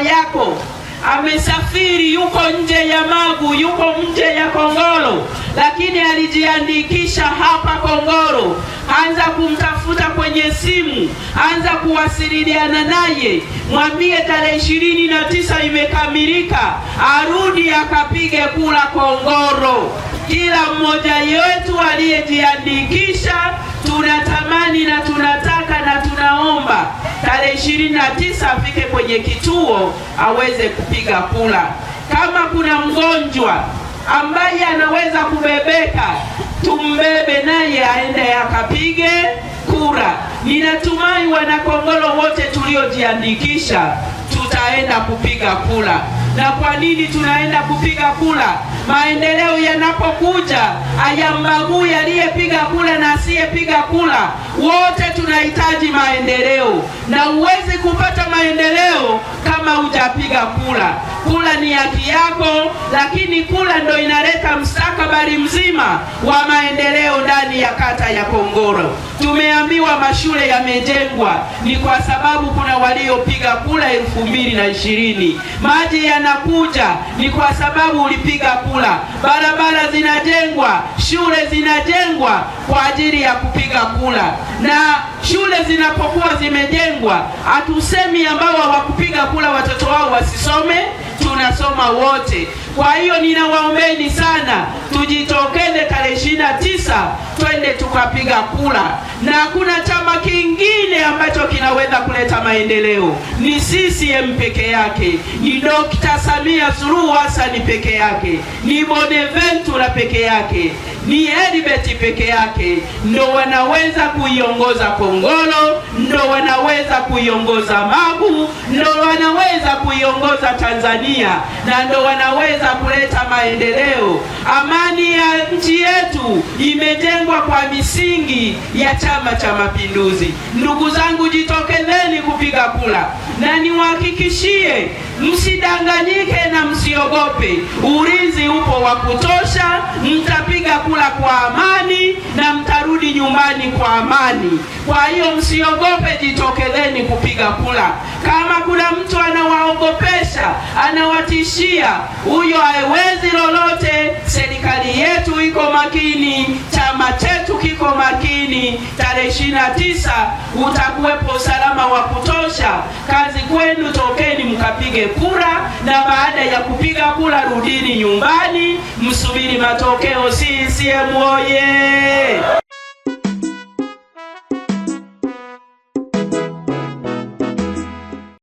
yako amesafiri, yuko nje ya Magu, yuko nje ya Kongolo, lakini alijiandikisha hapa Kongolo. Anza kumtafuta kwenye simu, anza kuwasiliana naye, mwambie tarehe ishirini na tisa imekamilika, arudi akapige kula Kongolo. Kila mmoja wetu aliyejiandikisha tunatamani na tuna tisa afike kwenye kituo aweze kupiga kula. Kama kuna mgonjwa ambaye anaweza kubebeka, tumbebe naye aende akapige kura. Ninatumai wanakongolo wote tuliojiandikisha tutaenda kupiga kura na kwa nini tunaenda kupiga kula. Maendeleo yanapokuja hayambagui aliyepiga kula na asiyepiga kula, wote tunahitaji maendeleo, na huwezi kupata maendeleo kama hujapiga kula. Kula ni haki yako, lakini kula ndo inaleta mstakabali mzima wa maendeleo ndani ya kata ya Kongoro. Tumeambiwa mashule yamejengwa, ni kwa sababu kuna waliopiga kula elfu mbili na ishirini maji ya yanakuja ni kwa sababu ulipiga kula. Barabara zinajengwa, shule zinajengwa kwa ajili ya kupiga kula, na shule zinapokuwa zimejengwa, hatusemi ambao hawakupiga kula watoto wao wasisome tunasoma wote. Kwa hiyo ninawaombeni sana, tujitokeze tarehe ishirini na tisa twende tukapiga kura, na hakuna chama kingine ambacho kinaweza kuleta maendeleo, ni CCM peke yake, ni Dr. Samia Suluhu Hassan peke yake, ni Bonaventura peke yake, ni Helbert peke yake, ndo wanaweza kuiongoza Kongolo ndo wanaweza kuiongoza Magu, ndo wanaweza kuiongoza Tanzania na ndo wanaweza kuleta maendeleo. Amani ya nchi yetu imejengwa kwa misingi ya Chama cha Mapinduzi. Ndugu zangu, jitokezeni kupiga kula, na niwahakikishie, msidanganyike na msiogope. Ulinzi upo wa kutosha, mtapiga mtapiga kula kwa amani na mtarudi nyumbani kwa amani. Kwa hiyo msiogope, jitokeleni kupiga kula. Kama kuna mtu anawaogopesha, anawatishia, huyo haiwezi lolote. Serikali yetu iko makini, chama chetu kiko makini. Tarehe ishirini na tisa utakuwepo usalama wa kutosha. Kazi kwenu, tokeni mkapige kura, na baada ya kupiga kura rudini nyumbani kusubiri matokeo. CCM oye!